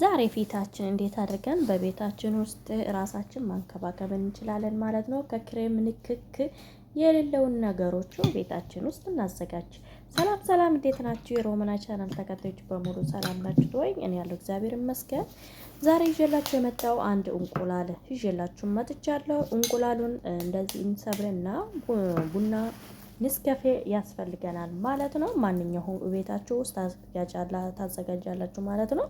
ዛሬ ፊታችን እንዴት አድርገን በቤታችን ውስጥ ራሳችን ማንከባከብ እንችላለን ማለት ነው። ከክሬም ንክክ የሌለውን ነገሮች ቤታችን ውስጥ እናዘጋጅ። ሰላም ሰላም፣ እንዴት ናችሁ? የሮማና ቻናል ተከታዮች በሙሉ ሰላም ናችሁ ወይ? እኔ ያለው እግዚአብሔር ይመስገን። ዛሬ ይዤላችሁ የመጣው አንድ እንቁላል ይዤላችሁ መጥቻለሁ። እንቁላሉን እንደዚህ እንሰብርና ቡና ኔስካፌ ያስፈልገናል ማለት ነው። ማንኛውም ቤታችሁ ውስጥ ታዘጋጃላችሁ ማለት ነው።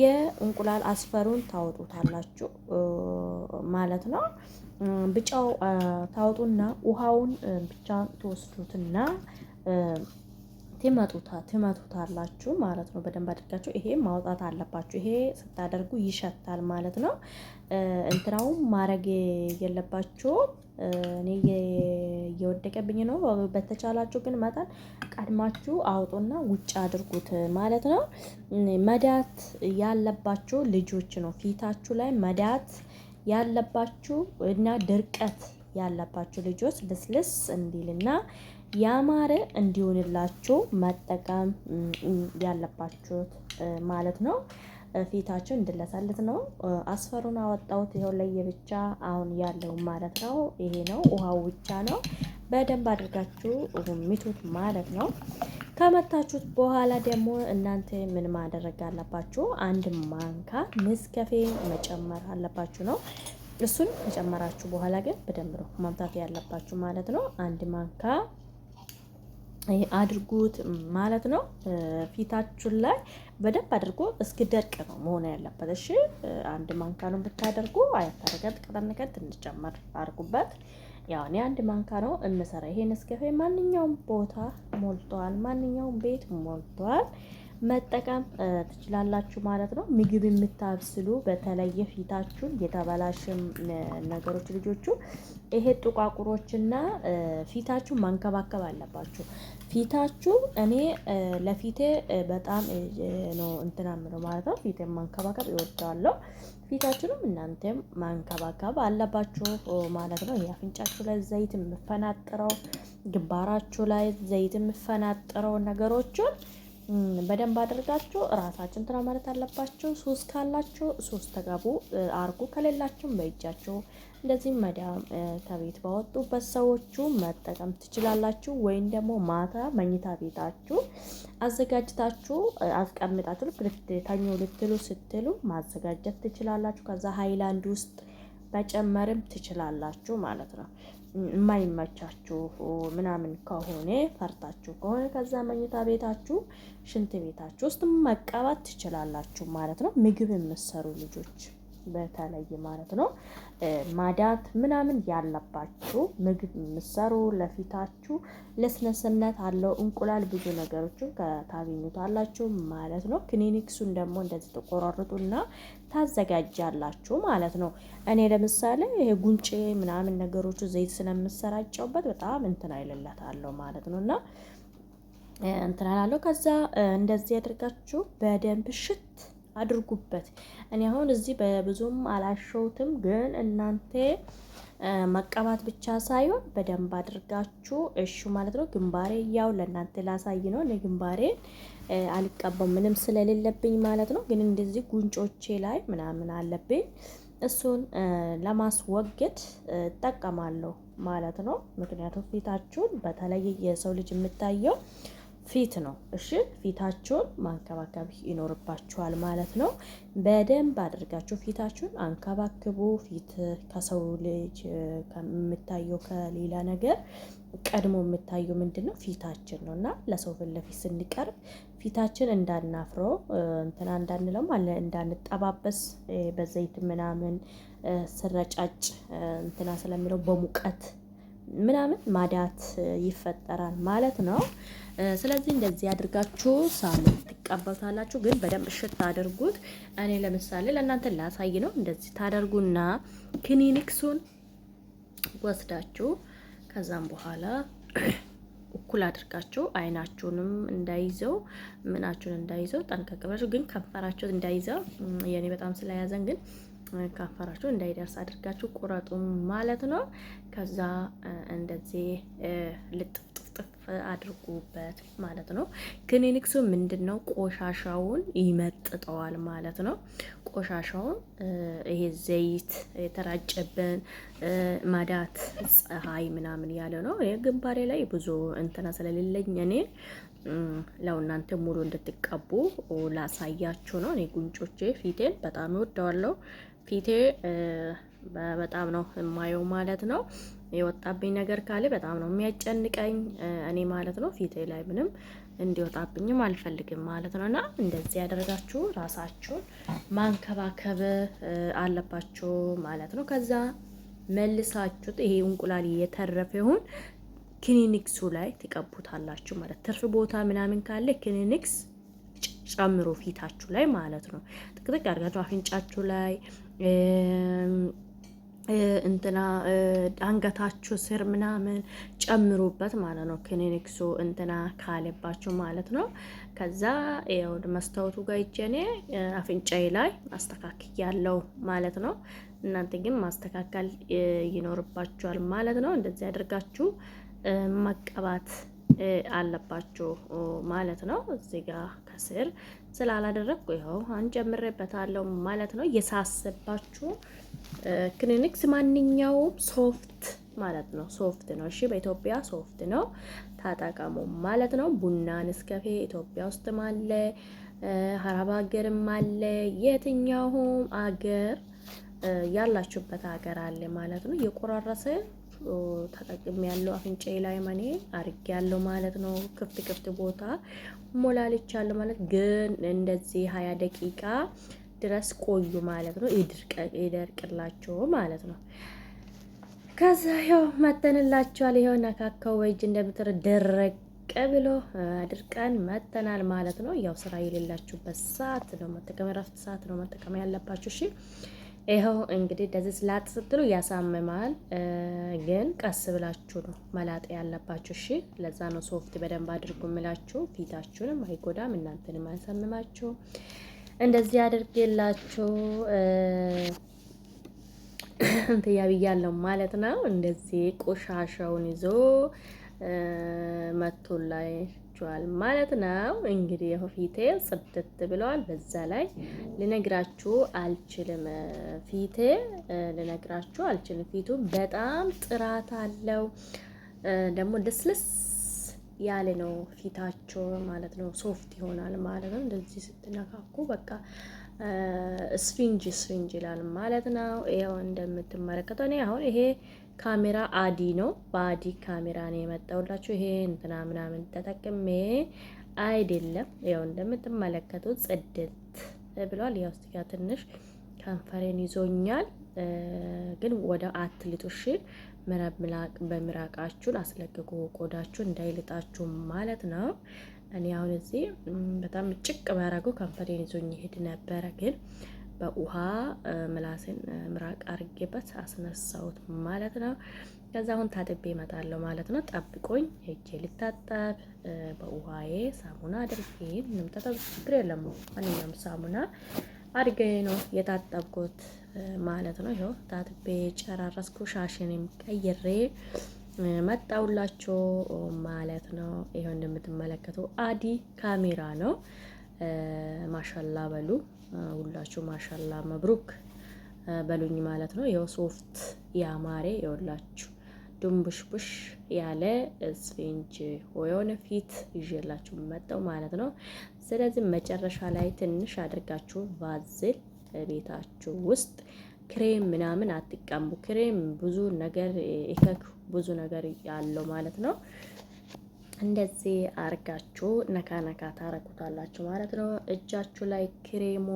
የእንቁላል አስፈሩን ታወጡታላችሁ ማለት ነው። ብጫው ታወጡና ውሃውን ብቻ ትወስዱትና ትመጡታ ትመቱታላችሁ ማለት ነው። በደንብ አድርጋችሁ ይሄ ማውጣት አለባችሁ። ይሄ ስታደርጉ ይሸታል ማለት ነው። እንትናውም ማድረግ የለባችሁ እኔ እየወደቀብኝ ነው። በተቻላችሁ ግን መጠን ቀድማችሁ አውጡና ውጭ አድርጉት ማለት ነው። መዳት ያለባችሁ ልጆች ነው። ፊታችሁ ላይ መዳት ያለባችሁ እና ድርቀት ያለባችሁ ልጆች ልስልስ እንዲልና ያማረ እንዲሆንላችሁ መጠቀም ያለባችሁት ማለት ነው። ፊታቸው እንድለሳለት ነው። አስፈሩን አወጣሁት። ይኸው ለየብቻ አሁን ያለው ማለት ነው። ይሄ ነው ውሃው ብቻ ነው። በደንብ አድርጋችሁ ሚቱት ማለት ነው። ከመታችሁት በኋላ ደግሞ እናንተ ምን ማድረግ አለባችሁ? አንድ ማንካ ንስከፌ መጨመር አለባችሁ ነው። እሱን ከጨመራችሁ በኋላ ግን በደንብ ነው ማምታት ያለባችሁ ማለት ነው። አንድ ማንካ አድርጉት ማለት ነው። ፊታችሁን ላይ በደንብ አድርጎ እስኪደርቅ ነው መሆን ያለበት። እሺ አንድ ማንካ ነው ብታደርጉ አያታረገት ቀጠንቀት እንጨመር አድርጉበት። ያው እኔ አንድ ማንካ ነው እንሰራ ይሄን እስከፌ ማንኛውም ቦታ ሞልቷል፣ ማንኛውም ቤት ሞልቷል። መጠቀም ትችላላችሁ ማለት ነው። ምግብ የምታብስሉ በተለየ ፊታችሁን የተበላሽም ነገሮች ልጆቹ ይሄ ጥቋቁሮችና ፊታችሁ ማንከባከብ አለባችሁ። ፊታችሁ እኔ ለፊቴ በጣም ነው እንትና ምለው ማለት ነው። ፊቴ ማንከባከብ ይወዳለሁ። ፊታችሁንም እናንተም ማንከባከብ አለባችሁ ማለት ነው። የአፍንጫችሁ ላይ ዘይት የምፈናጥረው ግንባራችሁ ላይ ዘይት የምፈናጥረው ነገሮችን በደንብ አድርጋችሁ ራሳችሁ እንትና ማለት አለባችሁ። ሶስት ካላችሁ ሶስት ተጋቡ አርጉ፣ ከሌላችሁም በእጃችሁ እንደዚህም መዳም ከቤት ባወጡበት ሰዎቹ መጠቀም ትችላላችሁ። ወይም ደግሞ ማታ መኝታ ቤታችሁ አዘጋጅታችሁ አስቀምጣችሁ ልክ ልትተኙ ልትሉ ስትሉ ማዘጋጀት ትችላላችሁ። ከዛ ሀይላንድ ውስጥ መጨመርም ትችላላችሁ ማለት ነው። የማይመቻችሁ ምናምን ከሆነ ፈርታችሁ ከሆነ ከዛ መኝታ ቤታችሁ ሽንት ቤታችሁ ውስጥ መቀባት ትችላላችሁ ማለት ነው። ምግብ የምትሰሩ ልጆች በተለይ ማለት ነው ማዳት ምናምን ያለባችሁ ምግብ የምትሰሩ ለፊታችሁ ለስነስነት አለው እንቁላል ብዙ ነገሮችን ከታገኙታላችሁ ማለት ነው። ክሊኒክሱን ደግሞ እንደዚህ ተቆራርጡና ታዘጋጃላችሁ ማለት ነው። እኔ ለምሳሌ ይሄ ጉንጭ ምናምን ነገሮቹ ዘይት ስለምሰራጨውበት በጣም እንትን አይልለታለሁ ማለት ነው እና እንትን አላለሁ። ከዛ እንደዚህ አድርጋችሁ በደንብ ሽት አድርጉበት። እኔ አሁን እዚህ በብዙም አላሸውትም፣ ግን እናንተ መቀባት ብቻ ሳይሆን በደንብ አድርጋችሁ እሹ ማለት ነው። ግንባሬ ያው ለእናንተ ላሳይ ነው። እኔ ግንባሬን አልቀባው ምንም ስለሌለብኝ ማለት ነው። ግን እንደዚህ ጉንጮቼ ላይ ምናምን አለብኝ እሱን ለማስወገድ እጠቀማለሁ ማለት ነው። ምክንያቱም ፊታችሁን በተለይ የሰው ልጅ የምታየው ፊት ነው። እሺ ፊታችሁን ማንከባከብ ይኖርባችኋል ማለት ነው። በደንብ አድርጋችሁ ፊታችሁን አንከባክቡ። ፊት ከሰው ልጅ የምታየው ከሌላ ነገር ቀድሞ የምታየው ምንድን ነው? ፊታችን ነው እና ለሰው ፊት ለፊት ስንቀርብ ፊታችን እንዳናፍረው እንትና እንዳንለው እንዳንጠባበስ በዘይት ምናምን ስረጫጭ እንትና ስለሚለው በሙቀት ምናምን ማዳት ይፈጠራል ማለት ነው። ስለዚህ እንደዚህ አድርጋችሁ ሳሙን ትቀበሉታላችሁ። ግን በደንብ እሽት አድርጉት። እኔ ለምሳሌ ለእናንተ ላሳይ ነው። እንደዚህ ታደርጉና ክኒኒክሱን ወስዳችሁ ከዛም በኋላ እኩል አድርጋችሁ አይናችሁንም እንዳይዘው ምናችሁን እንዳይዘው ጠንቀቅ ብላችሁ ግን ከንፈራችሁ እንዳይዘው የኔ በጣም ስለያዘን ግን ካፈራችሁ እንዳይደርስ አድርጋችሁ ቁረጡ ማለት ነው። ከዛ እንደዚህ ልጥፍጥፍጥፍ አድርጉበት ማለት ነው። ክሊኒክሱ ምንድን ነው? ቆሻሻውን ይመጥጠዋል ማለት ነው። ቆሻሻውን ይሄ ዘይት የተራጨብን ማዳት ፀሐይ ምናምን ያለ ነው። ግንባሬ ላይ ብዙ እንትና ስለሌለኝ እኔ ለው እናንተ ሙሉ እንድትቀቡ ላሳያችሁ ነው። እኔ ጉንጮቼ ፊቴን በጣም እወደዋለሁ። ፊቴ በጣም ነው የማየው ማለት ነው። የወጣብኝ ነገር ካለ በጣም ነው የሚያጨንቀኝ እኔ ማለት ነው። ፊቴ ላይ ምንም እንዲወጣብኝም አልፈልግም ማለት ነው። እና እንደዚህ ያደረጋችሁ ራሳችሁን ማንከባከብ አለባችሁ ማለት ነው። ከዛ መልሳችሁት ይሄ እንቁላል ይሁን ክሊኒክሱ ላይ ትቀቡታላችሁ ማለት ትርፍ ቦታ ምናምን ካለ ክሊኒክስ ጨምሮ ፊታችሁ ላይ ማለት ነው። ጥቅጥቅ አድርጋችሁ አፍንጫችሁ ላይ እንትና አንገታችሁ ስር ምናምን ጨምሩበት ማለት ነው። ክሊኒክሱ እንትና ካለባችሁ ማለት ነው። ከዛ ወደ መስታወቱ ጋር ይጀኔ አፍንጫዬ ላይ አስተካክያለሁ ማለት ነው። እናንተ ግን ማስተካከል ይኖርባችኋል ማለት ነው። እንደዚህ አድርጋችሁ መቀባት አለባችሁ ማለት ነው። እዚህ ጋር ከስር ስላላደረግኩ ይኸው አሁን ጨምሬበታለሁ ማለት ነው። እየሳሰባችሁ ክሊኒክስ ማንኛውም ሶፍት ማለት ነው። ሶፍት ነው። እሺ በኢትዮጵያ ሶፍት ነው፣ ታጠቀሙ ማለት ነው። ቡና ንስከፌ ኢትዮጵያ ውስጥም አለ፣ ሀረብ ሀገርም አለ። የትኛውም አገር ያላችሁበት ሀገር አለ ማለት ነው። የቆራረሰ ተጠቅም ያለው አፍንጫዬ ላይ ማኔ አርግ ያለው ማለት ነው። ክፍት ክፍት ቦታ ሞላልቻ ያለው ማለት ግን እንደዚህ ሀያ ደቂቃ ድረስ ቆዩ ማለት ነው። ይደርቅላቸው ማለት ነው። ከዛ ያው መተንላቸዋል። ይኸው ነካካው ወጅ እንደምትር ደረቅ ብሎ አድርቀን መተናል ማለት ነው። ያው ስራ የሌላችሁበት ሰዓት ነው መጠቀም፣ እረፍት ሰዓት ነው መጠቀም ያለባችሁ እሺ። ይኸው እንግዲህ እንደዚህ ስላጥ ስትሉ ያሳምማል፣ ግን ቀስ ብላችሁ ነው መላጥ ያለባችሁ። እሺ፣ ለዛ ነው ሶፍት በደንብ አድርጉ የምላችሁ። ፊታችሁንም አይጎዳም፣ እናንተንም አያሳምማችሁ። እንደዚህ አድርጌላችሁ እንትያ ብያለሁ ማለት ነው። እንደዚህ ቆሻሻውን ይዞ መቶላይ ይኖራችኋል ማለት ነው። እንግዲህ ፊቴ ጽድት ብለዋል። በዛ ላይ ልነግራችሁ አልችልም። ፊቴ ልነግራችሁ አልችልም። ፊቱ በጣም ጥራት አለው። ደግሞ ልስልስ ያለ ነው ፊታቸው ማለት ነው። ሶፍት ይሆናል ማለት ነው። እንደዚህ ስትነካኩ በቃ ስፊንጅ ስፊንጅ ይላል ማለት ነው። ይኸው እንደምትመለከተው እኔ አሁን ይሄ ካሜራ አዲ ነው። በአዲ ካሜራ ነው የመጣሁላችሁ። ይሄ እንትና ምናምን ተጠቅሜ አይደለም። ያው እንደምትመለከቱት ጽድት ብሏል። ያው እስቲ ጋር ትንሽ ከንፈሬን ይዞኛል፣ ግን ወደ አትልጡሽ በምራቃችሁን አስለቅቁ፣ ቆዳችሁ እንዳይልጣችሁ ማለት ነው። እኔ አሁን እዚህ በጣም ጭቅ ባረገው ከንፈሬን ይዞኝ ይሄድ ነበረ ግን በውሃ ምላሴን ምራቅ አርጌበት አስነሳሁት ማለት ነው። ከዛ አሁን ታጥቤ ይመጣለሁ ማለት ነው። ጠብቆኝ ሄጄ ልታጠብ በውሃዬ ሳሙና አድርጌ ምንም ተጠብ ችግር የለም። ማንኛውም ሳሙና አድርጌ ነው የታጠብኩት ማለት ነው። ይኸው ታጥቤ ጨራረስኩ። ሻሽንም ቀይሬ መጣውላቸው ማለት ነው። ይኸው እንደምትመለከቱ አዲ ካሜራ ነው። ማሻላ በሉ ሁላችሁ ማሻላ መብሩክ በሉኝ ማለት ነው። ያው ሶፍት ያማረ የወላችሁ ድንቡሽቡሽ ያለ ስፌንጅ የሆነ ፊት ይዤላችሁ መጠው ማለት ነው። ስለዚህ መጨረሻ ላይ ትንሽ አድርጋችሁ ቫዝል ቤታችሁ ውስጥ ክሬም ምናምን አትቀሙ። ክሬም ብዙ ነገር ኢፌክት ብዙ ነገር ያለው ማለት ነው። እንደዚህ አርጋችሁ ነካ ነካ ታረጉታላችሁ ማለት ነው። እጃችሁ ላይ ክሬሙ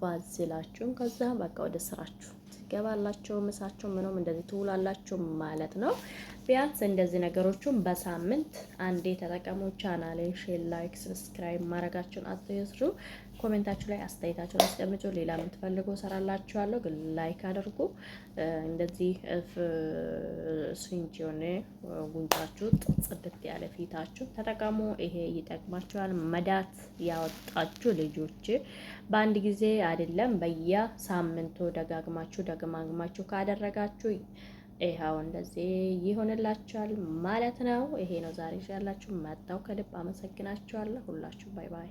ባዝላችሁም ከዛ በቃ ወደ ስራችሁ ትገባላችሁ። ምሳችሁ ምኖም እንደዚህ ትውላላችሁ ማለት ነው። ቢያንስ እንደዚህ ነገሮቹን በሳምንት አንዴ ተጠቀሙ። ቻናሌን ሼር፣ ላይክ፣ ሰብስክራይብ ማድረጋችሁን አትስሩ። ኮሜንታችሁ ላይ አስተያየታችሁን አስቀምጡ። ሌላ የምትፈልጉ እሰራላችኋለሁ፣ ግን ላይክ አድርጉ። እንደዚህ ስሪንጅ የሆነ ጉንጫችሁ ጽድት ያለ ፊታችሁ ተጠቀሙ። ይሄ ይጠቅማችኋል። መዳት ያወጣችሁ ልጆች በአንድ ጊዜ አይደለም፣ በያ ሳምንቱ ደጋግማችሁ ደጋግማችሁ ካደረጋችሁ ይኸው እንደዚህ ይሆንላችኋል ማለት ነው። ይሄ ነው ዛሬ ያላችሁ መጣሁ። ከልብ አመሰግናችኋለሁ ሁላችሁ። ባይ ባይ